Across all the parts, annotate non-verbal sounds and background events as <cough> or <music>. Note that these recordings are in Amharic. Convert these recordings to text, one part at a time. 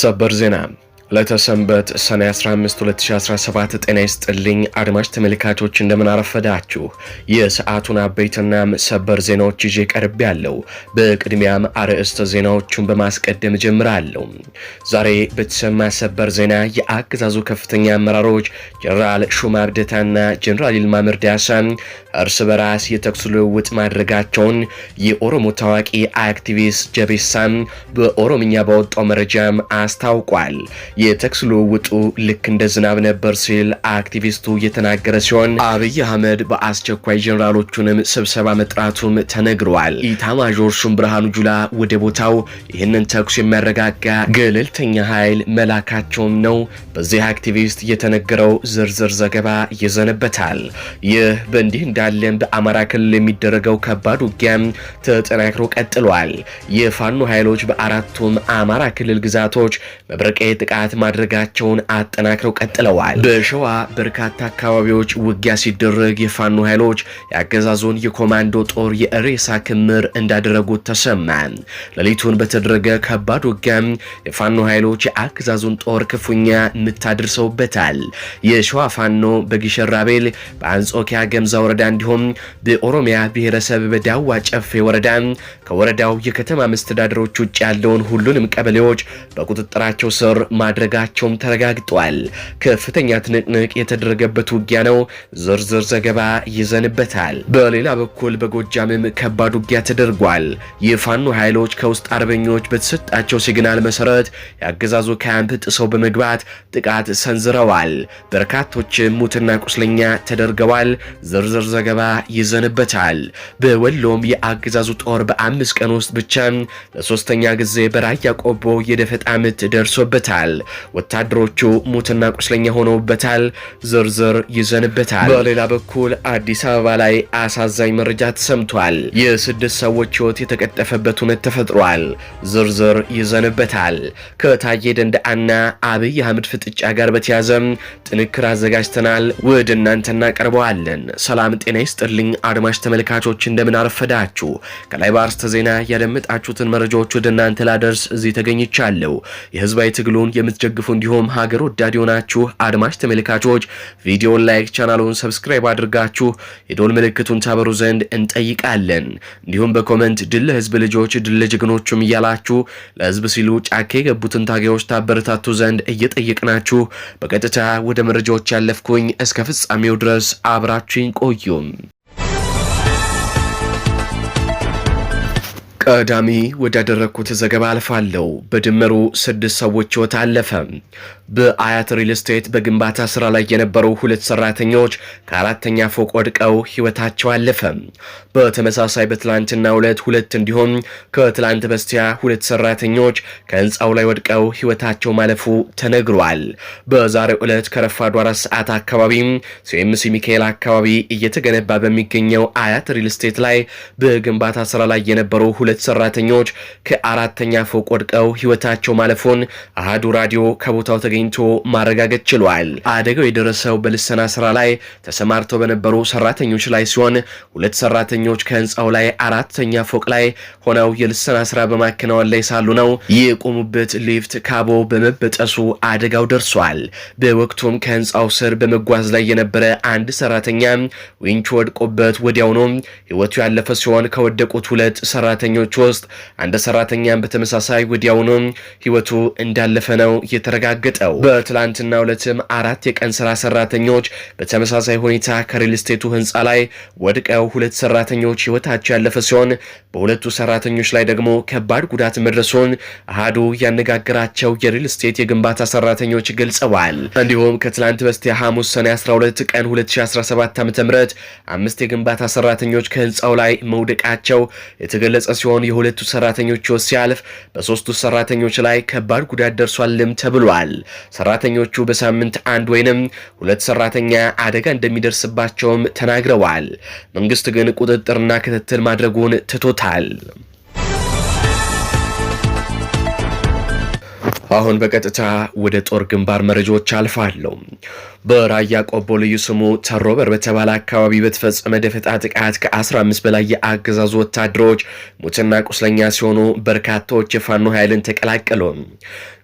ሰበር ዜና ለተሰንበት ሰኔ 15 2017 ጤና ይስጥልኝ አድማጭ ተመልካቾች እንደምናረፈዳችሁ የሰዓቱን አበይትና ሰበር ዜናዎች ይዤ ቀርብ ያለው። በቅድሚያም አርዕስተ ዜናዎቹን በማስቀደም ጀምራለሁ። ዛሬ በተሰማ ሰበር ዜና የአገዛዙ ከፍተኛ አመራሮች ጀኔራል ሹማ አብደታና ጀኔራል ይልማ መርዳሳ እርስ በራስ የተኩስ ልውውጥ ማድረጋቸውን የኦሮሞ ታዋቂ አክቲቪስት ጀቤሳ በኦሮምኛ ባወጣው መረጃም አስታውቋል። የተኩስ ልውውጡ ልክ እንደ ዝናብ ነበር ሲል አክቲቪስቱ የተናገረ ሲሆን አብይ አህመድ በአስቸኳይ ጀኔራሎቹንም ስብሰባ መጥራቱም ተነግረዋል። ኢታማዦር ሹም ብርሃኑ ጁላ ወደ ቦታው ይህንን ተኩስ የሚያረጋጋ ገለልተኛ ኃይል መላካቸውም ነው በዚህ አክቲቪስት የተነገረው ዝርዝር ዘገባ ይዘንበታል። ይህ በእንዲህ እንዳለም በአማራ ክልል የሚደረገው ከባድ ውጊያም ተጠናክሮ ቀጥሏል። የፋኖ ኃይሎች በአራቱም አማራ ክልል ግዛቶች መብረቃዊ ጥቃት ጥረት ማድረጋቸውን አጠናክረው ቀጥለዋል። በሸዋ በርካታ አካባቢዎች ውጊያ ሲደረግ የፋኖ ኃይሎች የአገዛዞን የኮማንዶ ጦር የሬሳ ክምር እንዳደረጉት ተሰማ። ሌሊቱን በተደረገ ከባድ ውጊያም የፋኖ ኃይሎች የአገዛዙን ጦር ክፉኛ ምታድርሰውበታል። የሸዋ ፋኖ በጊሸራቤል በአንጾኪያ ገምዛ ወረዳ እንዲሁም በኦሮሚያ ብሔረሰብ በዳዋ ጨፌ ወረዳ ከወረዳው የከተማ መስተዳደሮች ውጭ ያለውን ሁሉንም ቀበሌዎች በቁጥጥራቸው ስር ማድረግ ማድረጋቸውም ተረጋግጧል። ከፍተኛ ትንቅንቅ የተደረገበት ውጊያ ነው። ዝርዝር ዘገባ ይዘንበታል። በሌላ በኩል በጎጃምም ከባድ ውጊያ ተደርጓል። የፋኖ ኃይሎች ከውስጥ አርበኞች በተሰጣቸው ሲግናል መሰረት የአገዛዙ ካምፕ ጥሰው በመግባት ጥቃት ሰንዝረዋል። በርካቶችም ሙትና ቁስለኛ ተደርገዋል። ዝርዝር ዘገባ ይዘንበታል። በወሎም የአገዛዙ ጦር በአምስት ቀን ውስጥ ብቻ ለሶስተኛ ጊዜ በራያ ቆቦ የደፈጣ ምት ደርሶበታል። ወታደሮቹ ሙትና ቁስለኛ ሆነውበታል። ዝርዝር ይዘንበታል። በሌላ በኩል አዲስ አበባ ላይ አሳዛኝ መረጃ ተሰምቷል። የስድስት ሰዎች ህይወት የተቀጠፈበት እውነት ተፈጥሯል። ዝርዝር ይዘንበታል። ከታዬ ደንደአና አብይ አህመድ ፍጥጫ ጋር በተያዘም ጥንክር አዘጋጅተናል፣ ወደ እናንተ እናቀርበዋለን። ሰላም ጤና ይስጥልኝ አድማጭ ተመልካቾች፣ እንደምን አረፈዳችሁ። ከላይ በአርስተ ዜና ያደመጣችሁትን መረጃዎች ወደ እናንተ ላደርስ እዚህ ተገኝቻለሁ። የህዝባዊ ትግሉን የምትደግፉ እንዲሁም ሀገር ወዳድ የሆናችሁ አድማጭ ተመልካቾች ቪዲዮን ላይክ፣ ቻናሉን ሰብስክራይብ አድርጋችሁ የዶል ምልክቱን ታበሩ ዘንድ እንጠይቃለን። እንዲሁም በኮመንት ድል ለህዝብ ልጆች፣ ድል ለጀግኖቹም እያላችሁ ለህዝብ ሲሉ ጫካ የገቡትን ታጋዮች ታበረታቱ ዘንድ እየጠየቅናችሁ በቀጥታ ወደ መረጃዎች ያለፍኩኝ እስከ ፍጻሜው ድረስ አብራችሁኝ ቆዩም። ቀዳሚ ወዳደረግኩት ዘገባ አልፋለሁ። በድምሩ ስድስት ሰዎች ሕይወት አለፈ። በአያት ሪል ስቴት በግንባታ ስራ ላይ የነበሩ ሁለት ሰራተኞች ከአራተኛ ፎቅ ወድቀው ሕይወታቸው አለፈ። በተመሳሳይ በትላንትና ሁለት ሁለት እንዲሁም ከትላንት በስቲያ ሁለት ሰራተኞች ከህንፃው ላይ ወድቀው ሕይወታቸው ማለፉ ተነግሯል። በዛሬው ዕለት ከረፋዱ አራት ሰዓት አካባቢ ሲኤምሲ ሚካኤል አካባቢ እየተገነባ በሚገኘው አያት ሪል ስቴት ላይ በግንባታ ስራ ላይ የነበሩ ሁለት ሰራተኞች ከአራተኛ ፎቅ ወድቀው ህይወታቸው ማለፉን አህዱ ራዲዮ ከቦታው ተገኝቶ ማረጋገጥ ችሏል። አደጋው የደረሰው በልሰና ስራ ላይ ተሰማርተው በነበሩ ሰራተኞች ላይ ሲሆን ሁለት ሰራተኞች ከህንፃው ላይ አራተኛ ፎቅ ላይ ሆነው የልሰና ስራ በማከናወን ላይ ሳሉ ነው የቆሙበት ሊፍት ካቦ በመበጠሱ አደጋው ደርሷል። በወቅቱም ከህንፃው ስር በመጓዝ ላይ የነበረ አንድ ሰራተኛ ዊንች ወድቆበት ወዲያውኑ ህይወቱ ያለፈ ሲሆን ከወደቁት ሁለት ሰራተኞች ሰራተኞች ውስጥ አንድ ሰራተኛን በተመሳሳይ ወዲያውኑ ህይወቱ እንዳለፈ ነው የተረጋገጠው። በትላንትና ሁለትም አራት የቀን ስራ ሰራተኞች በተመሳሳይ ሁኔታ ከሪል ስቴቱ ህንፃ ላይ ወድቀው ሁለት ሰራተኞች ህይወታቸው ያለፈ ሲሆን በሁለቱ ሰራተኞች ላይ ደግሞ ከባድ ጉዳት መድረሱን አህዱ ያነጋገራቸው የሪል ስቴት የግንባታ ሰራተኞች ገልጸዋል። እንዲሁም ከትላንት በስቲያ ሐሙስ ሰኔ 12 ቀን 2017 ዓ.ም አምስት የግንባታ ሰራተኞች ከህንፃው ላይ መውደቃቸው የተገለጸ ሲሆን ሲሆን የሁለቱ ሰራተኞች ህይወት ሲያልፍ በሶስቱ ሰራተኞች ላይ ከባድ ጉዳት ደርሷልም ተብሏል። ሰራተኞቹ በሳምንት አንድ ወይንም ሁለት ሰራተኛ አደጋ እንደሚደርስባቸውም ተናግረዋል። መንግስት ግን ቁጥጥርና ክትትል ማድረጉን ትቶታል። አሁን በቀጥታ ወደ ጦር ግንባር መረጃዎች አልፋለሁ። በራያ ቆቦ ልዩ ስሙ ተሮበር በተባለ አካባቢ በተፈጸመ ደፈጣ ጥቃት ከ15 በላይ የአገዛዙ ወታደሮች ሙትና ቁስለኛ ሲሆኑ በርካታዎች የፋኖ ኃይልን ተቀላቀሉ።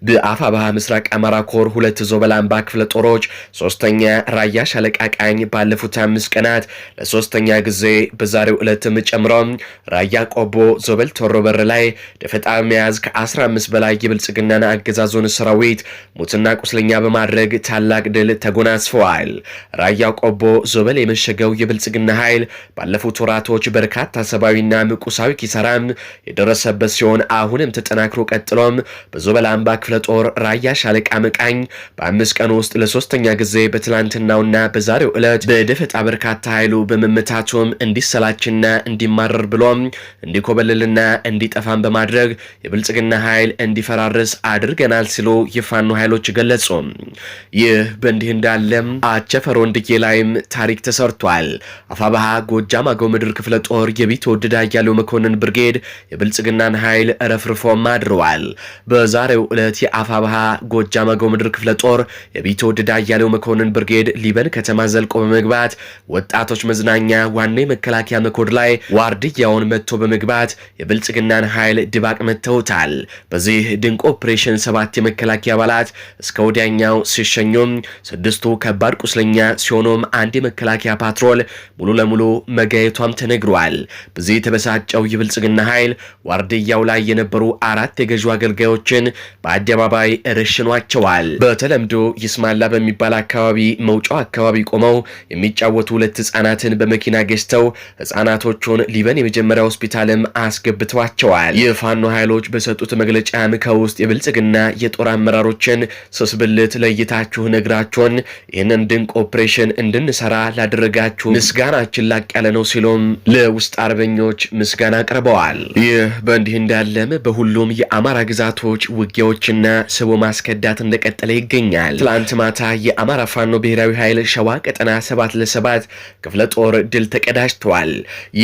በአፋ ባህ ምስራቅ አማራ ኮር ሁለት ዞበላምባ ክፍለ ጦሮች ሶስተኛ ራያ ሻለቃ ቃኝ ባለፉት አምስት ቀናት ለሶስተኛ ጊዜ በዛሬው ዕለትም ጨምሮ ራያ ቆቦ ዞበል ተሮበር ላይ ደፈጣ መያዝ ከ15 በላይ የብልጽግናን አገዛ የአገዛዙን ሰራዊት ሙትና ቁስለኛ በማድረግ ታላቅ ድል ተጎናጽፈዋል። ራያ ቆቦ ዞበል የመሸገው የብልጽግና ኃይል ባለፉት ወራቶች በርካታ ሰብአዊና ምቁሳዊ ኪሳራም የደረሰበት ሲሆን አሁንም ተጠናክሮ ቀጥሎም በዞበል አምባ ክፍለ ጦር ራያ ሻለቃ መቃኝ በአምስት ቀን ውስጥ ለሶስተኛ ጊዜ በትላንትናውና በዛሬው ዕለት በደፈጣ በርካታ ኃይሉ በመመታቱም እንዲሰላችና እንዲማረር ብሎም እንዲኮበልልና እንዲጠፋም በማድረግ የብልጽግና ኃይል እንዲፈራርስ አድርገ አድርገናል ሲሉ የፋኖ ኃይሎች ገለጹ። ይህ በእንዲህ እንዳለም አቸፈር ወንድጌ ላይም ታሪክ ተሰርቷል። አፋባሃ ጎጃም አገው ምድር ክፍለ ጦር የቢትወደድ አያሌው መኮንን ብርጌድ የብልጽግናን ኃይል ረፍርፎም አድረዋል። በዛሬው ዕለት የአፋባሃ ጎጃም አገው ምድር ክፍለ ጦር የቢትወደድ አያሌው መኮንን ብርጌድ ሊበን ከተማ ዘልቆ በመግባት ወጣቶች መዝናኛ ዋና የመከላከያ መኮድ ላይ ዋርድያውን መጥቶ በመግባት የብልጽግናን ኃይል ድባቅ መተውታል። በዚህ ድንቅ ኦፕሬሽን ሰባ ሰባት የመከላከያ አባላት እስከ ወዲያኛው ሲሸኙም ስድስቱ ከባድ ቁስለኛ ሲሆኑም አንድ የመከላከያ ፓትሮል ሙሉ ለሙሉ መጋየቷም ተነግሯል። በዚህ የተበሳጨው የብልጽግና ኃይል ዋርድያው ላይ የነበሩ አራት የገዢ አገልጋዮችን በአደባባይ ረሽኗቸዋል። በተለምዶ ይስማላ በሚባል አካባቢ መውጫው አካባቢ ቆመው የሚጫወቱ ሁለት ህጻናትን በመኪና ገዝተው ህጻናቶቹን ሊበን የመጀመሪያ ሆስፒታልም አስገብተዋቸዋል። የፋኖ ኃይሎች በሰጡት መግለጫም ከውስጥ የብልጽግና የፋኖና የጦር አመራሮችን ስስብልት ለይታችሁ ነግራችሁን ይህንን ድንቅ ኦፕሬሽን እንድንሰራ ላደረጋችሁ ምስጋናችን ላቅ ያለ ነው ሲሉም ለውስጥ አርበኞች ምስጋና አቅርበዋል። ይህ በእንዲህ እንዳለም በሁሉም የአማራ ግዛቶች ውጊያዎችና ስቦ ማስከዳት እንደቀጠለ ይገኛል። ትላንት ማታ የአማራ ፋኖ ብሔራዊ ኃይል ሸዋ ቀጠና ሰባት ለሰባት ክፍለ ጦር ድል ተቀዳጅተዋል።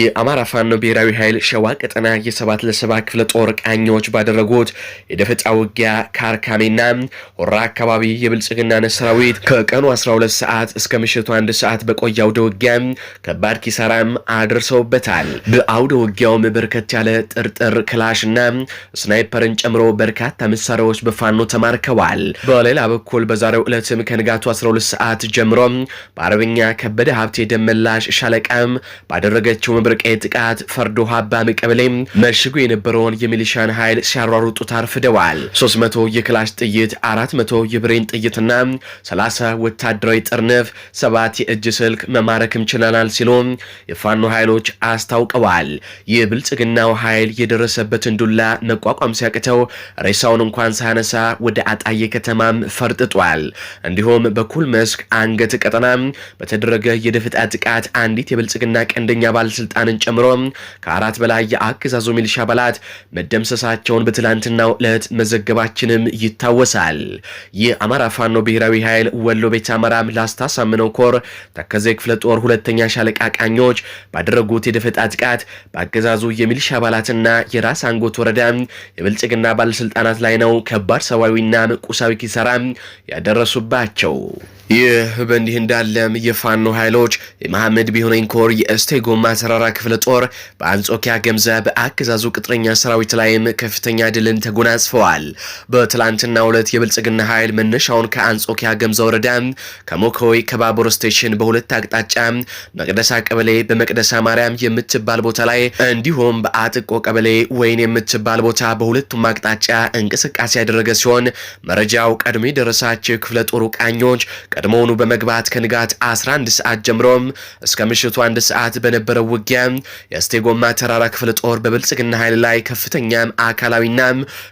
የአማራ ፋኖ ብሔራዊ ኃይል ሸዋ ቀጠና የሰባት ለሰባት ክፍለ ጦር ቃኞች ባደረጉት የደፈጣ ውጊያ ካርካሌና ሆራ አካባቢ የብልጽግና ሰራዊት ከቀኑ 12 ሰዓት እስከ ምሽቱ አንድ ሰዓት በቆየ አውደ ውጊያ ከባድ ኪሳራም አድርሰውበታል። በአውደ ውጊያውም በርከት ያለ ጥርጥር ክላሽና ስናይፐርን ጨምሮ በርካታ መሳሪያዎች በፋኖ ተማርከዋል። በሌላ በኩል በዛሬው ዕለትም ከንጋቱ 12 ሰዓት ጀምሮ በአርበኛ ከበደ ሀብቴ ደመላሽ ሻለቃም ባደረገችው መብረቃዊ ጥቃት ፈርዶ ሀባ ቀበሌ መሽጎ የነበረውን የሚሊሻን ኃይል ሲያሯሩጡ ታርፍደዋል። 200 የክላሽ ጥይት፣ 400 የብሬን ጥይትና 30 ወታደራዊ ጥርንፍ፣ ሰባት የእጅ ስልክ መማረክም ችለናል ሲሉ የፋኖ ኃይሎች አስታውቀዋል። የብልጽግናው ኃይል የደረሰበትን ዱላ መቋቋም ሲያቅተው ሬሳውን እንኳን ሳያነሳ ወደ አጣዬ ከተማም ፈርጥጧል። እንዲሁም በኩል መስክ አንገት ቀጠና በተደረገ የደፈጣ ጥቃት አንዲት የብልጽግና ቀንደኛ ባለስልጣንን ጨምሮ ከአራት በላይ የአገዛዙ ሚሊሻ አባላት መደምሰሳቸውን በትላንትናው ዕለት መዘገባቸው። መሆናችንም ይታወሳል። አማራ ፋኖ ብሔራዊ ኃይል ወሎ ቤት አማራም ላስታሳምነው ኮር ተከዘ ክፍለ ጦር ሁለተኛ ሻለቃ ቃኞች ባደረጉት የደፈጣ ጥቃት በአገዛዙ የሚሊሻ አባላትና የራስ አንጎት ወረዳ የብልጽግና ባለስልጣናት ላይ ነው ከባድ ሰብአዊና ቁሳዊ ኪሳራ ያደረሱባቸው። ይህ በእንዲህ እንዳለም የፋኖ ኃይሎች የመሐመድ ቢሆነኝ ኮር የእስቴ ጎማ ተራራ ክፍለ ጦር በአንጾኪያ ገምዛ በአገዛዙ ቅጥረኛ ሰራዊት ላይም ከፍተኛ ድልን ተጎናጽፈዋል። በትላንትና ሁለት የብልጽግና ኃይል መነሻውን ከአንጾኪያ ገምዛ ወረዳ ከሞኮይ ከባቡር ስቴሽን በሁለት አቅጣጫ መቅደሳ ቀበሌ በመቅደሳ ማርያም የምትባል ቦታ ላይ እንዲሁም በአጥቆ ቀበሌ ወይን የምትባል ቦታ በሁለቱም አቅጣጫ እንቅስቃሴ ያደረገ ሲሆን መረጃው ቀድሞ የደረሳቸው ክፍለ ጦሩ ቃኞች ቀድሞውኑ በመግባት ከንጋት 11 ሰዓት ጀምሮም እስከ ምሽቱ አንድ ሰዓት በነበረው ውጊያ የስቴጎማ ተራራ ክፍለ ጦር በብልጽግና ኃይል ላይ ከፍተኛም አካላዊና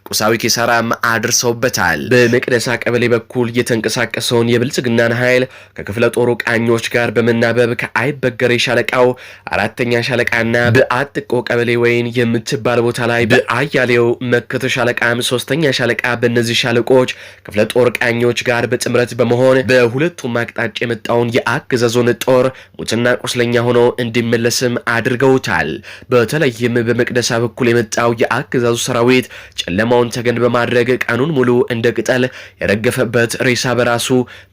ቁሳዊ ኪሳራም አድርሰውበታል። በመቅደሳ ቀበሌ በኩል የተንቀሳቀሰውን የብልጽግናን ኃይል ከክፍለ ጦሩ ቃኞች ጋር በመናበብ ከአይበገሬ ሻለቃው አራተኛ ሻለቃና በአጥቆ ቀበሌ ወይን የምትባል ቦታ ላይ በአያሌው መከተ ሻለቃም ሶስተኛ ሻለቃ በእነዚህ ሻለቆች ክፍለ ጦር ቃኞች ጋር በጥምረት በመሆን ከሁለቱም አቅጣጫ የመጣውን የአገዛዙን ጦር ሙትና ቁስለኛ ሆኖ እንዲመለስም አድርገውታል። በተለይም በመቅደሳ በኩል የመጣው የአገዛዙ ሰራዊት ጨለማውን ተገን በማድረግ ቀኑን ሙሉ እንደ ቅጠል የረገፈበት ሬሳ በራሱ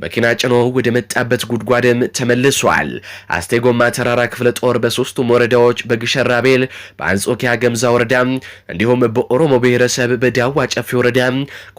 መኪና ጭኖ ወደ መጣበት ጉድጓድም ተመልሷል። አስቴጎማ ተራራ ክፍለ ጦር በሶስቱም ወረዳዎች በግሸራቤል፣ በአንጾኪያ ገምዛ ወረዳ እንዲሁም በኦሮሞ ብሔረሰብ በዳዋ ጨፌ ወረዳ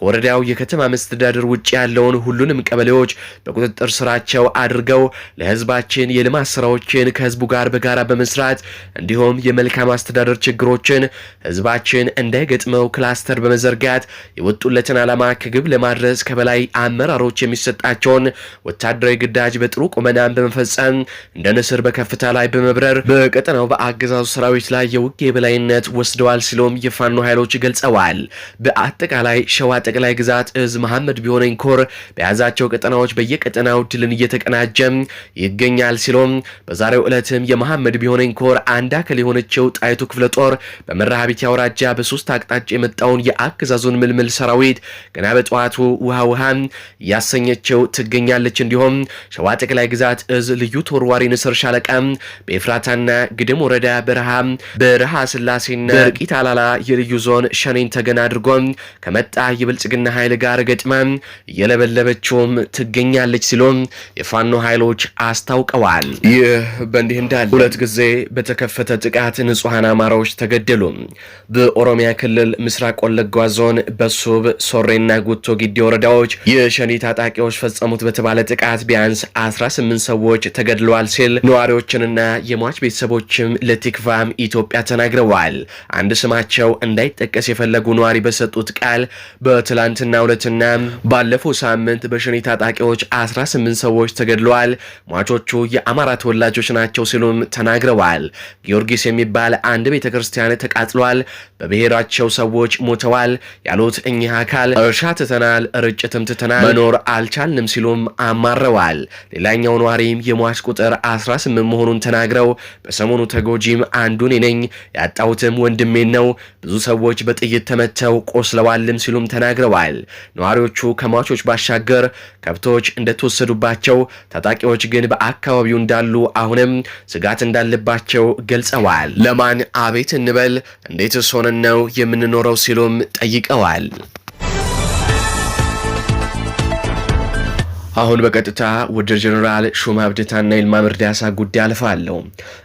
ከወረዳው የከተማ መስተዳደር ውጭ ያለውን ሁሉንም ቀበሌዎች በቁጥጥር ስራቸው አድርገው ለህዝባችን የልማት ስራዎችን ከህዝቡ ጋር በጋራ በመስራት እንዲሁም የመልካም አስተዳደር ችግሮችን ህዝባችን እንዳይገጥመው ክላስተር በመዘርጋት የወጡለትን ዓላማ ከግብ ለማድረስ ከበላይ አመራሮች የሚሰጣቸውን ወታደራዊ ግዳጅ በጥሩ ቁመናን በመፈጸም እንደ ንስር በከፍታ ላይ በመብረር በቀጠናው በአገዛዙ ሰራዊት ላይ የውጌ የበላይነት ወስደዋል ሲሉም የፋኖ ኃይሎች ገልጸዋል። በአጠቃላይ ሸዋ ጠቅላይ ግዛት እዝ መሐመድ ቢሆነኝ ኮር በያዛቸው ቀጠናዎች በየ የቀጠናው ድልን እየተቀናጀ ይገኛል ሲሎም በዛሬው ዕለትም የመሐመድ ቢሆነኝ ኮር አንድ አካል የሆነችው ጣይቱ ክፍለ ጦር በመራሃቢት አውራጃ በሶስት አቅጣጫ የመጣውን የአገዛዙን ምልምል ሰራዊት ገና በጠዋቱ ውሃ ውሃ እያሰኘችው ትገኛለች። እንዲሁም ሸዋ ጠቅላይ ግዛት እዝ ልዩ ተወርዋሪ ንስር ሻለቃ በኤፍራታና ግድም ወረዳ በረሃ በረሃ ስላሴና በርቂት አላላ የልዩ ዞን ሸኔን ተገና አድርጎ ከመጣ የብልጽግና ኃይል ጋር ገጥማ እየለበለበችውም ትገኛለች። ትገኛለች ሲሉም የፋኖ ኃይሎች አስታውቀዋል። ይህ በእንዲህ እንዳለ ሁለት ጊዜ በተከፈተ ጥቃት ንጹሐን አማራዎች ተገደሉ። በኦሮሚያ ክልል ምስራቅ ወለጋ ዞን በሱብ ሶሬና ጉቶ ጊዲ ወረዳዎች የሸኒ ታጣቂዎች ፈጸሙት በተባለ ጥቃት ቢያንስ 18 ሰዎች ተገድለዋል ሲል ነዋሪዎችንና የሟች ቤተሰቦችም ለቲክቫም ኢትዮጵያ ተናግረዋል። አንድ ስማቸው እንዳይጠቀስ የፈለጉ ነዋሪ በሰጡት ቃል በትላንትና ሁለትና ባለፈው ሳምንት በሸኒ ታጣቂዎች 18 ሰዎች ተገድለዋል። ሟቾቹ የአማራ ተወላጆች ናቸው ሲሉም ተናግረዋል። ጊዮርጊስ የሚባል አንድ ቤተ ክርስቲያን ተቃጥሏል፣ በብሔራቸው ሰዎች ሞተዋል ያሉት እኚህ አካል እርሻ ትተናል፣ ርጭትም ትተናል፣ መኖር አልቻልንም ሲሉም አማረዋል። ሌላኛው ነዋሪም የሟች ቁጥር 18 መሆኑን ተናግረው በሰሞኑ ተጎጂም አንዱ እኔ ነኝ ያጣሁትም ወንድሜን ነው፣ ብዙ ሰዎች በጥይት ተመተው ቆስለዋልም ሲሉም ተናግረዋል። ነዋሪዎቹ ከሟቾች ባሻገር ከብቶች እንደ እንደተወሰዱባቸው ታጣቂዎች ግን በአካባቢው እንዳሉ አሁንም ስጋት እንዳለባቸው ገልጸዋል። ለማን አቤት እንበል? እንዴትስ ሆነን ነው የምንኖረው? ሲሉም ጠይቀዋል። አሁን በቀጥታ ወደ ጀኔራል ሹማ ብደታና ይልማ መርዳሳ ጉዳይ አልፋለሁ።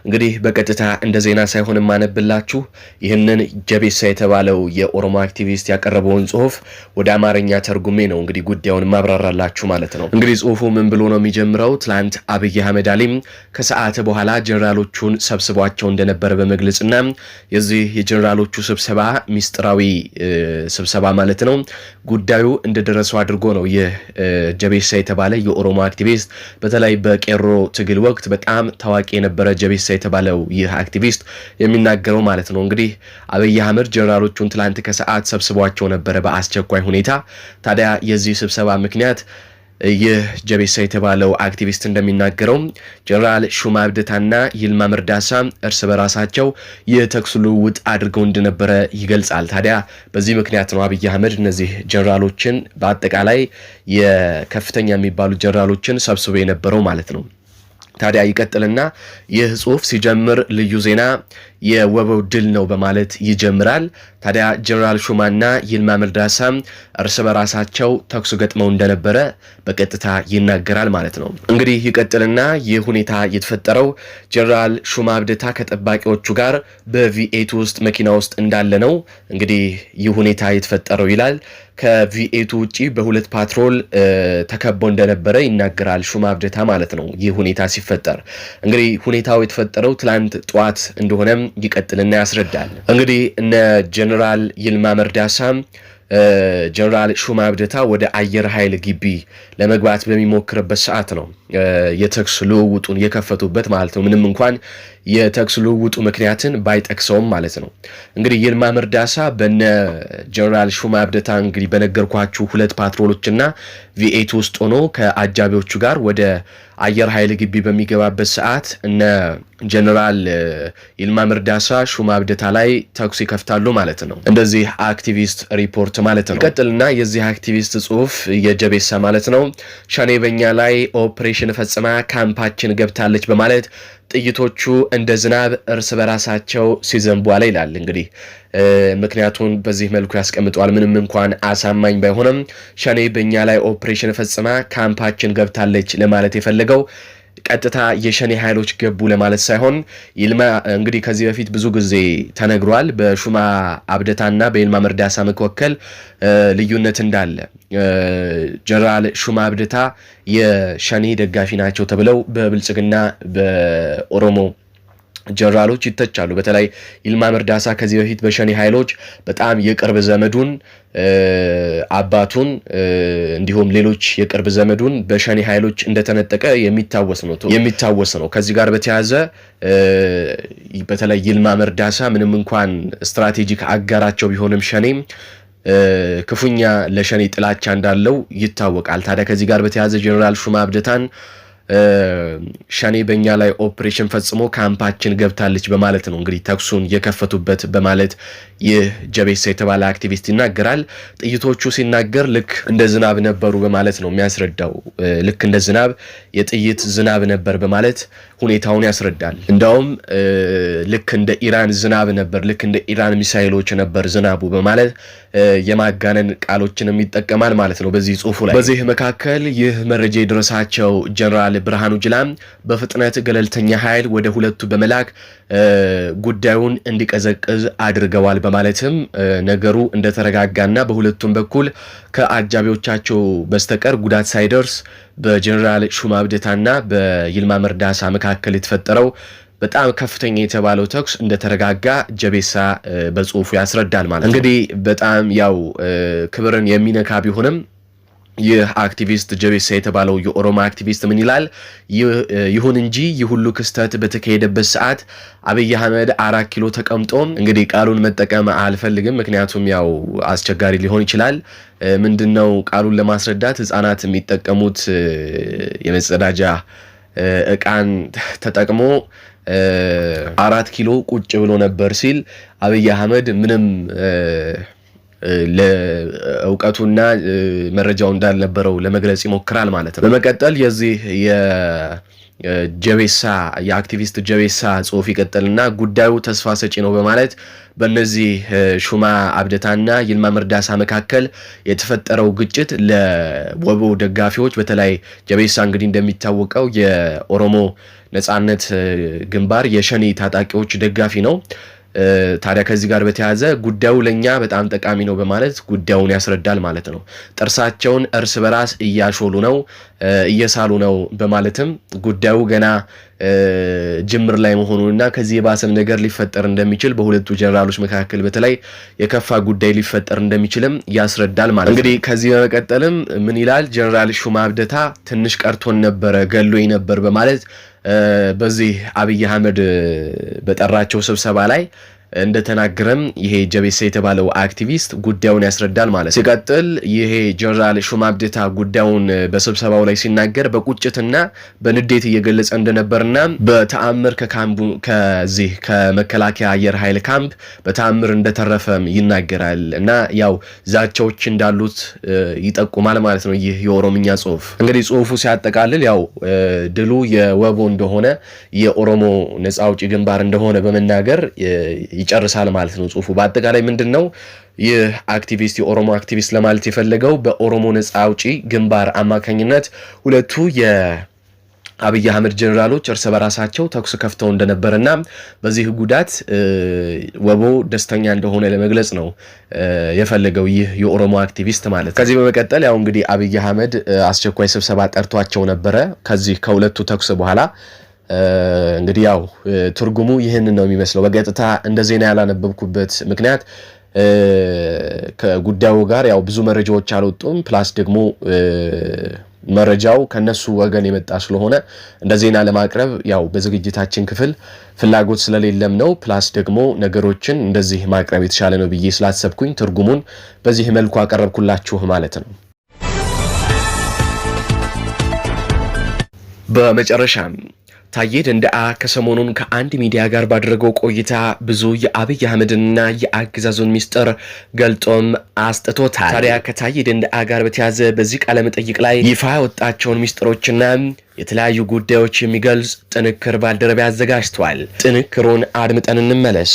እንግዲህ በቀጥታ እንደ ዜና ሳይሆን የማነብላችሁ ይህንን ጀቤሳ የተባለው የኦሮሞ አክቲቪስት ያቀረበውን ጽሁፍ ወደ አማርኛ ተርጉሜ ነው እንግዲህ ጉዳዩን ማብራራላችሁ ማለት ነው። እንግዲህ ጽሁፉ ምን ብሎ ነው የሚጀምረው? ትላንት አብይ አህመድ አሊም ከሰዓት በኋላ ጀኔራሎቹን ሰብስቧቸው እንደነበረ በመግለጽና የዚህ የጀኔራሎቹ ስብሰባ ሚስጥራዊ ስብሰባ ማለት ነው ጉዳዩ እንደደረሰው አድርጎ ነው ይህ ጀቤሳ የተባለ የኦሮሞ አክቲቪስት በተለይ በቄሮ ትግል ወቅት በጣም ታዋቂ የነበረ ጀቤሳ የተባለው ይህ አክቲቪስት የሚናገረው ማለት ነው። እንግዲህ አብይ አህመድ ጀነራሎቹን ትላንት ከሰዓት ሰብስቧቸው ነበረ በአስቸኳይ ሁኔታ። ታዲያ የዚህ ስብሰባ ምክንያት ይህ ጀቤሳ የተባለው አክቲቪስት እንደሚናገረው ጀነራል ሹማ አብደታና ይልማ መርዳሳ እርስ በራሳቸው የተኩስ ልውውጥ አድርገው እንደነበረ ይገልጻል። ታዲያ በዚህ ምክንያት ነው አብይ አህመድ እነዚህ ጀነራሎችን በአጠቃላይ የከፍተኛ የሚባሉ ጀነራሎችን ሰብስቦ የነበረው ማለት ነው። ታዲያ ይቀጥልና ይህ ጽሁፍ ሲጀምር ልዩ ዜና የወበው ድል ነው በማለት ይጀምራል። ታዲያ ጀኔራል ሹማና ይልማ መርዳሳ እርስ በራሳቸው ተኩስ ገጥመው እንደነበረ በቀጥታ ይናገራል ማለት ነው። እንግዲህ ይቀጥልና ይህ ሁኔታ የተፈጠረው ጀኔራል ሹማ አብደታ ከጠባቂዎቹ ጋር በቪኤት ውስጥ መኪና ውስጥ እንዳለ ነው። እንግዲህ ይህ ሁኔታ የተፈጠረው ይላል። ከቪኤቱ ውጭ በሁለት ፓትሮል ተከቦ እንደነበረ ይናገራል ሹማ አብደታ ማለት ነው። ይህ ሁኔታ ሲፈጠር እንግዲህ ሁኔታው የተፈጠረው ትላንት ጠዋት እንደሆነም ይቀጥልና ያስረዳል። እንግዲህ እነ ጀኔራል ይልማ መርዳሳ ጀነራል ሹማ አብደታ ወደ አየር ኃይል ግቢ ለመግባት በሚሞክርበት ሰዓት ነው የተኩስ ልውውጡን የከፈቱበት ማለት ነው። ምንም እንኳን የተኩስ ልውውጡ ምክንያትን ባይጠቅሰውም ማለት ነው። እንግዲህ ይልማ መርዳሳ በነ ጀነራል ሹማ አብደታ እንግዲህ በነገርኳችሁ ሁለት ፓትሮሎችና ቪኤት ውስጥ ሆኖ ከአጃቢዎቹ ጋር ወደ አየር ኃይል ግቢ በሚገባበት ሰዓት እነ ጀነራል ይልማ ምርዳሳ ሹማ አብደታ ላይ ተኩስ ይከፍታሉ ማለት ነው። እንደዚህ አክቲቪስት ሪፖርት ማለት ነው። ይቀጥልና የዚህ አክቲቪስት ጽሁፍ የጀቤሳ ማለት ነው ሻኔ በኛ ላይ ኦፕሬሽን ፈጽማ ካምፓችን ገብታለች በማለት ጥይቶቹ እንደ ዝናብ እርስ በራሳቸው ሲዘንቡ አለ ይላል። እንግዲህ ምክንያቱን በዚህ መልኩ ያስቀምጠዋል። ምንም እንኳን አሳማኝ ባይሆንም ሸኔ በእኛ ላይ ኦፕሬሽን ፈጽማ ካምፓችን ገብታለች ለማለት የፈለገው ቀጥታ የሸኔ ኃይሎች ገቡ ለማለት ሳይሆን ይልማ እንግዲህ ከዚህ በፊት ብዙ ጊዜ ተነግሯል። በሹማ አብደታና በይልማ መርዳሳ መካከል ልዩነት እንዳለ ጀነራል ሹማ አብደታ የሸኔ ደጋፊ ናቸው ተብለው በብልጽግና በኦሮሞ ጀነራሎች ይተቻሉ። በተለይ ይልማ መርዳሳ ከዚህ በፊት በሸኔ ኃይሎች በጣም የቅርብ ዘመዱን አባቱን እንዲሁም ሌሎች የቅርብ ዘመዱን በሸኔ ኃይሎች እንደተነጠቀ የሚታወስ ነው የሚታወስ ነው። ከዚህ ጋር በተያያዘ በተለይ ይልማ መርዳሳ ምንም እንኳን ስትራቴጂክ አጋራቸው ቢሆንም ሸኔም ክፉኛ ለሸኔ ጥላቻ እንዳለው ይታወቃል። ታዲያ ከዚህ ጋር በተያያዘ ጀኔራል ሹማ አብደታን ሸኔ በእኛ ላይ ኦፕሬሽን ፈጽሞ ካምፓችን ገብታለች በማለት ነው እንግዲህ ተኩሱን የከፈቱበት በማለት ይህ ጀቤሳ የተባለ አክቲቪስት ይናገራል። ጥይቶቹ ሲናገር ልክ እንደ ዝናብ ነበሩ በማለት ነው የሚያስረዳው። ልክ እንደ ዝናብ የጥይት ዝናብ ነበር በማለት ሁኔታውን ያስረዳል። እንደውም ልክ እንደ ኢራን ዝናብ ነበር፣ ልክ እንደ ኢራን ሚሳይሎች ነበር ዝናቡ በማለት የማጋነን ቃሎችንም ይጠቀማል ማለት ነው በዚህ ጽሁፉ ላይ። በዚህ መካከል ይህ መረጃ የደረሳቸው ጀነራል ብርሃኑ ጅላም በፍጥነት ገለልተኛ ኃይል ወደ ሁለቱ በመላክ ጉዳዩን እንዲቀዘቅዝ አድርገዋል በማለትም ነገሩ እንደተረጋጋና በሁለቱም በኩል ከአጃቢዎቻቸው በስተቀር ጉዳት ሳይደርስ በጀኔራል ሹማ አብደታና በይልማ መርዳሳ መካከል የተፈጠረው በጣም ከፍተኛ የተባለው ተኩስ እንደተረጋጋ ጀቤሳ በጽሁፉ ያስረዳል። ማለት እንግዲህ በጣም ያው ክብርን የሚነካ ቢሆንም ይህ አክቲቪስት ጀቤሳ የተባለው የኦሮሞ አክቲቪስት ምን ይላል? ይሁን እንጂ ይህ ሁሉ ክስተት በተካሄደበት ሰዓት አብይ አህመድ አራት ኪሎ ተቀምጦ እንግዲህ ቃሉን መጠቀም አልፈልግም፣ ምክንያቱም ያው አስቸጋሪ ሊሆን ይችላል። ምንድን ነው ቃሉን ለማስረዳት ህጻናት የሚጠቀሙት የመጸዳጃ እቃን ተጠቅሞ አራት ኪሎ ቁጭ ብሎ ነበር ሲል አብይ አህመድ ምንም እውቀቱና መረጃው እንዳልነበረው ለመግለጽ ይሞክራል ማለት ነው። በመቀጠል የዚህ የጀቤሳ የአክቲቪስት ጀቤሳ ጽሁፍ ይቀጥልና ጉዳዩ ተስፋ ሰጪ ነው በማለት በእነዚህ ሹማ አብደታና ይልማ ምርዳሳ መካከል የተፈጠረው ግጭት ለወቦ ደጋፊዎች በተለይ ጀቤሳ እንግዲህ እንደሚታወቀው የኦሮሞ ነጻነት ግንባር የሸኔ ታጣቂዎች ደጋፊ ነው። ታዲያ ከዚህ ጋር በተያያዘ ጉዳዩ ለእኛ በጣም ጠቃሚ ነው በማለት ጉዳዩን ያስረዳል ማለት ነው። ጥርሳቸውን እርስ በራስ እያሾሉ ነው፣ እየሳሉ ነው በማለትም ጉዳዩ ገና ጅምር ላይ መሆኑንና ከዚህ የባሰም ነገር ሊፈጠር እንደሚችል በሁለቱ ጀኔራሎች መካከል በተለይ የከፋ ጉዳይ ሊፈጠር እንደሚችልም ያስረዳል ማለት ነው። እንግዲህ ከዚህ በመቀጠልም ምን ይላል ጀኔራል ሹማ አብደታ ትንሽ ቀርቶን ነበረ ገሎኝ ነበር በማለት በዚህ አብይ አህመድ በጠራቸው ስብሰባ ላይ እንደተናገረም ይሄ ጀቤሳ የተባለው አክቲቪስት ጉዳዩን ያስረዳል ማለት ነው። ሲቀጥል ይሄ ጀነራል ሹማብዴታ ጉዳዩን በስብሰባው ላይ ሲናገር በቁጭትና በንዴት እየገለጸ እንደነበርና በተአምር ከካምቡ ከዚህ ከመከላከያ አየር ኃይል ካምፕ በተአምር እንደተረፈም ይናገራል እና ያው ዛቻዎች እንዳሉት ይጠቁማል ማለት ነው። ይህ የኦሮምኛ ጽሁፍ እንግዲህ ጽሁፉ ሲያጠቃልል ያው ድሉ የወቦ እንደሆነ የኦሮሞ ነጻ አውጪ ግንባር እንደሆነ በመናገር ይጨርሳል ማለት ነው ጽሁፉ። በአጠቃላይ ምንድን ነው ይህ አክቲቪስት የኦሮሞ አክቲቪስት ለማለት የፈለገው በኦሮሞ ነጻ አውጪ ግንባር አማካኝነት ሁለቱ የ አብይ አህመድ ጀኔራሎች እርስ በራሳቸው ተኩስ ከፍተው እንደነበረና በዚህ ጉዳት ወቦ ደስተኛ እንደሆነ ለመግለጽ ነው የፈለገው ይህ የኦሮሞ አክቲቪስት ማለት ነው። ከዚህ በመቀጠል ያው እንግዲህ አብይ አህመድ አስቸኳይ ስብሰባ ጠርቷቸው ነበረ ከዚህ ከሁለቱ ተኩስ በኋላ እንግዲህ ያው ትርጉሙ ይህን ነው የሚመስለው። በገጽታ እንደ ዜና ያላነበብኩበት ምክንያት ከጉዳዩ ጋር ያው ብዙ መረጃዎች አልወጡም። ፕላስ ደግሞ መረጃው ከነሱ ወገን የመጣ ስለሆነ እንደ ዜና ለማቅረብ ያው በዝግጅታችን ክፍል ፍላጎት ስለሌለም ነው። ፕላስ ደግሞ ነገሮችን እንደዚህ ማቅረብ የተሻለ ነው ብዬ ስላሰብኩኝ ትርጉሙን በዚህ መልኩ አቀረብኩላችሁ ማለት ነው። በመጨረሻም ታዬ ደንደአ ከሰሞኑን ከአንድ ሚዲያ ጋር ባደረገው ቆይታ ብዙ የአብይ አህመድንና የአገዛዙን ሚስጥር ገልጦም አስጥቶታል። ታዲያ ከታዬ ደንደአ ጋር በተያዘ በዚህ ቃለ መጠይቅ ላይ ይፋ ወጣቸውን ሚስጥሮችና የተለያዩ ጉዳዮች የሚገልጽ ጥንክር ባልደረቤ አዘጋጅቷል። ጥንክሩን አድምጠን እንመለስ።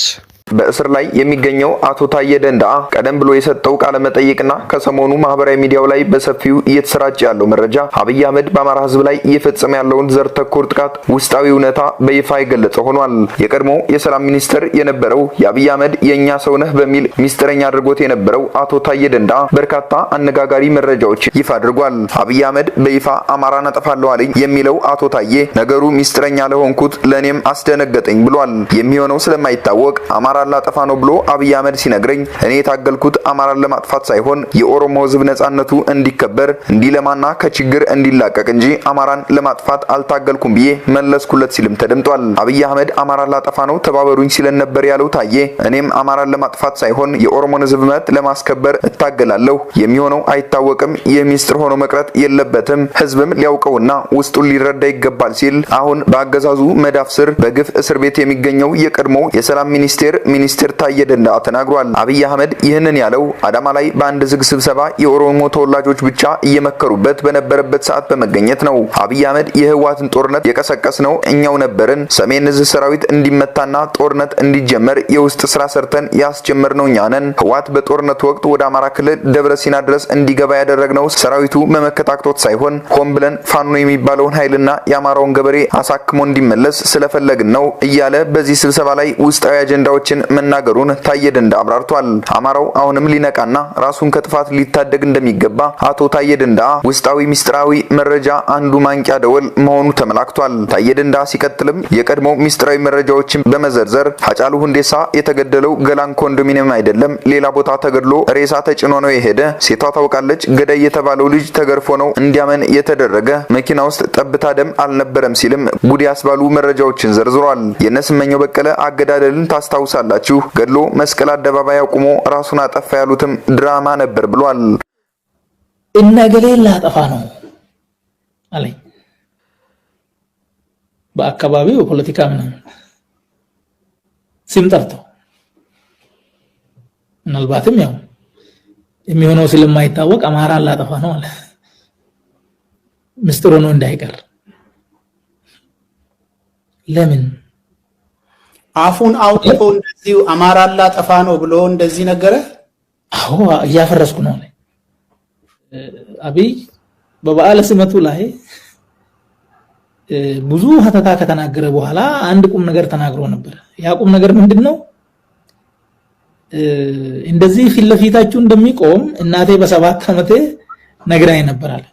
በእስር ላይ የሚገኘው አቶ ታዬ ደንደአ ቀደም ብሎ የሰጠው ቃለ መጠይቅና ከሰሞኑ ማህበራዊ ሚዲያው ላይ በሰፊው እየተሰራጨ ያለው መረጃ አብይ አህመድ በአማራ ህዝብ ላይ እየፈጸመ ያለውን ዘር ተኮር ጥቃት ውስጣዊ እውነታ በይፋ የገለጸ ሆኗል። የቀድሞ የሰላም ሚኒስትር የነበረው የአብይ አህመድ የእኛ ሰው ነህ በሚል ሚስጥረኛ አድርጎት የነበረው አቶ ታዬ ደንደአ በርካታ አነጋጋሪ መረጃዎች ይፋ አድርጓል። አብይ አህመድ በይፋ አማራን አጠፋለሁ አለኝ የሚለው አቶ ታዬ ነገሩ ሚስጥረኛ ለሆንኩት ለእኔም አስደነገጠኝ ብሏል። የሚሆነው ስለማይታወቅ አማራ አማራን ላጠፋ ነው ብሎ አብይ አህመድ ሲነግረኝ እኔ የታገልኩት አማራን ለማጥፋት ሳይሆን የኦሮሞ ህዝብ ነጻነቱ እንዲከበር እንዲለማና ከችግር እንዲላቀቅ እንጂ አማራን ለማጥፋት አልታገልኩም ብዬ መለስኩለት ሲልም ተደምጧል። አብይ አህመድ አማራን ላጠፋ ነው ተባበሩኝ ሲለን ነበር ያለው ታዬ። እኔም አማራን ለማጥፋት ሳይሆን የኦሮሞን ህዝብመት መብት ለማስከበር እታገላለሁ። የሚሆነው አይታወቅም። ይህ ሚስጥር ሆኖ መቅረት የለበትም። ህዝብም ሊያውቀውና ውስጡን ሊረዳ ይገባል ሲል አሁን በአገዛዙ መዳፍ ስር በግፍ እስር ቤት የሚገኘው የቀድሞ የሰላም ሚኒስቴር ሚኒስትር ታዬ ደንደአ ተናግሯል። አብይ አህመድ ይህንን ያለው አዳማ ላይ በአንድ ዝግ ስብሰባ የኦሮሞ ተወላጆች ብቻ እየመከሩበት በነበረበት ሰዓት በመገኘት ነው። አብይ አህመድ የህወሓትን ጦርነት የቀሰቀስ ነው እኛው ነበርን። ሰሜን እዝ ሰራዊት እንዲመታና ጦርነት እንዲጀመር የውስጥ ስራ ሰርተን ያስጀመር ነው እኛ ነን። ህወሓት በጦርነቱ ወቅት ወደ አማራ ክልል ደብረ ሲና ድረስ እንዲገባ ያደረግነው ሰራዊቱ መመከታክቶት ሳይሆን ሆን ብለን ፋኖ የሚባለውን ኃይልና የአማራውን ገበሬ አሳክሞ እንዲመለስ ስለፈለግን ነው እያለ በዚህ ስብሰባ ላይ ውስጣዊ አጀንዳዎችን መናገሩን ታየ ደንዳ አብራርቷል። አማራው አሁንም ሊነቃና ራሱን ከጥፋት ሊታደግ እንደሚገባ አቶ ታየ ደንዳ ውስጣዊ ሚስጥራዊ መረጃ አንዱ ማንቂያ ደወል መሆኑ ተመላክቷል። ታየ ደንዳ ሲቀጥልም የቀድሞ ሚስጥራዊ መረጃዎችን በመዘርዘር ሀጫሉ ሁንዴሳ የተገደለው ገላን ኮንዶሚኒየም አይደለም፣ ሌላ ቦታ ተገድሎ ሬሳ ተጭኖ ነው የሄደ። ሴቷ ታውቃለች። ገዳይ የተባለው ልጅ ተገርፎ ነው እንዲያመን የተደረገ። መኪና ውስጥ ጠብታ ደም አልነበረም ሲልም ጉድ ያስባሉ መረጃዎችን ዘርዝሯል። የነስመኘው በቀለ አገዳደልን ታስታውሳል። ትችላላችሁ። ገድሎ መስቀል አደባባይ አቁሞ ራሱን አጠፋ ያሉትም ድራማ ነበር ብሏል። እነ ገሌ ላጠፋ ነው አለኝ። በአካባቢው ፖለቲካ ምናምን ስም ጠርተው ምናልባትም ያው የሚሆነው ስለማይታወቅ አማራ ላጠፋ ነው አለ። ምስጢር ነው እንዳይቀር ለምን አፉን አውጥቶ እንደዚሁ አማራ ጠፋ ነው ብሎ እንደዚህ ነገረ። አዎ እያፈረስኩ ነው። አብይ በበዓለ ሲመቱ ላይ ብዙ ሀተታ ከተናገረ በኋላ አንድ ቁም ነገር ተናግሮ ነበር። ያ ቁም ነገር ምንድን ነው? እንደዚህ ፊት ለፊታችሁ እንደሚቆም እናቴ በሰባት ዓመቴ ነግራኝ ነበራል።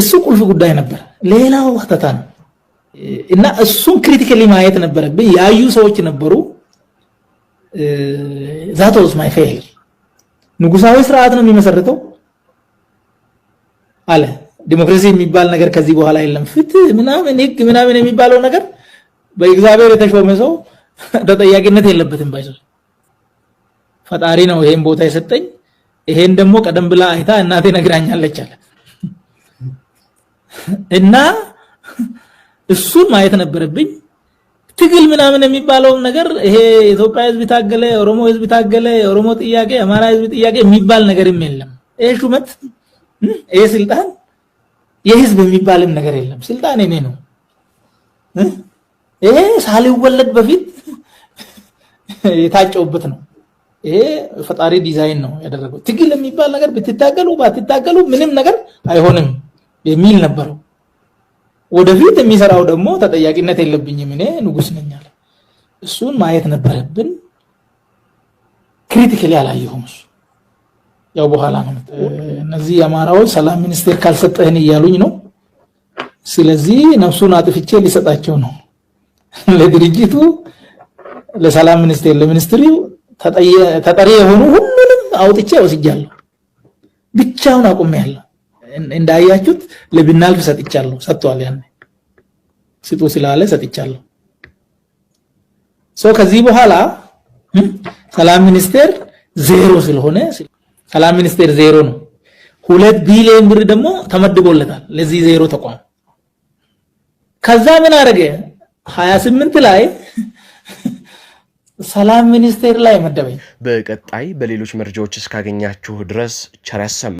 እሱ ቁልፍ ጉዳይ ነበር። ሌላው ሀተታ ነው። እና እሱን ክሪቲካሊ ማየት ነበረብኝ። ያዩ ሰዎች ነበሩ። ዛት ወዝ ማይ ፌል ንጉሳዊ ስርዓት ነው የሚመሰርተው አለ። ዲሞክራሲ የሚባል ነገር ከዚህ በኋላ የለም። ፍትህ ምናምን፣ ህግ ምናምን የሚባለው ነገር በእግዚአብሔር የተሾመ ሰው ተጠያቂነት የለበትም። ባይሰ ፈጣሪ ነው ይሄን ቦታ የሰጠኝ፣ ይሄን ደግሞ ቀደም ብላ አይታ እናቴ ነግራኛለች አለ እና እሱን ማየት ነበረብኝ። ትግል ምናምን የሚባለውን ነገር ይሄ የኢትዮጵያ ህዝብ ታገለ፣ የኦሮሞ ህዝብ ታገለ፣ የኦሮሞ ጥያቄ፣ የአማራ ህዝብ ጥያቄ የሚባል ነገርም የለም። ይሄ ሹመት፣ ይሄ ስልጣን የህዝብ የሚባልም ነገር የለም። ስልጣን የኔ ነው። ይሄ ሳልወለድ በፊት የታጨውበት ነው። ይሄ ፈጣሪ ዲዛይን ነው ያደረገው። ትግል የሚባል ነገር ብትታገሉ ባትታገሉ ምንም ነገር አይሆንም የሚል ነበረው። ወደፊት የሚሰራው ደግሞ ተጠያቂነት የለብኝም እኔ ንጉስ ነኛል። እሱን ማየት ነበረብን። ክሪቲክል ያላየሁም እሱ ያው በኋላ ነው። እነዚህ የአማራዎች ሰላም ሚኒስቴር ካልሰጠህን እያሉኝ ነው። ስለዚህ ነፍሱን አጥፍቼ ሊሰጣቸው ነው። ለድርጅቱ ለሰላም ሚኒስቴር ለሚኒስትሪው ተጠሪ የሆኑ ሁሉንም አውጥቼ ወስጃለሁ። ብቻውን አቁሜያለሁ። እንዳያችሁት ለብናልፍ ሰጥቻለሁ፣ ሰጥቷል። ያን ስጡ ስላለ ሰጥቻለሁ። ሶ ከዚህ በኋላ ሰላም ሚኒስቴር ዜሮ ስለሆነ ሰላም ሚኒስቴር ዜሮ ነው። ሁለት ቢሊዮን ብር ደግሞ ተመድቦለታል ለዚህ ዜሮ ተቋም። ከዛ ምን አደረገ? 28 ላይ <laughs> ሰላም ሚኒስቴር ላይ መደበኝ። በቀጣይ በሌሎች መረጃዎች እስካገኛችሁ ድረስ ቸር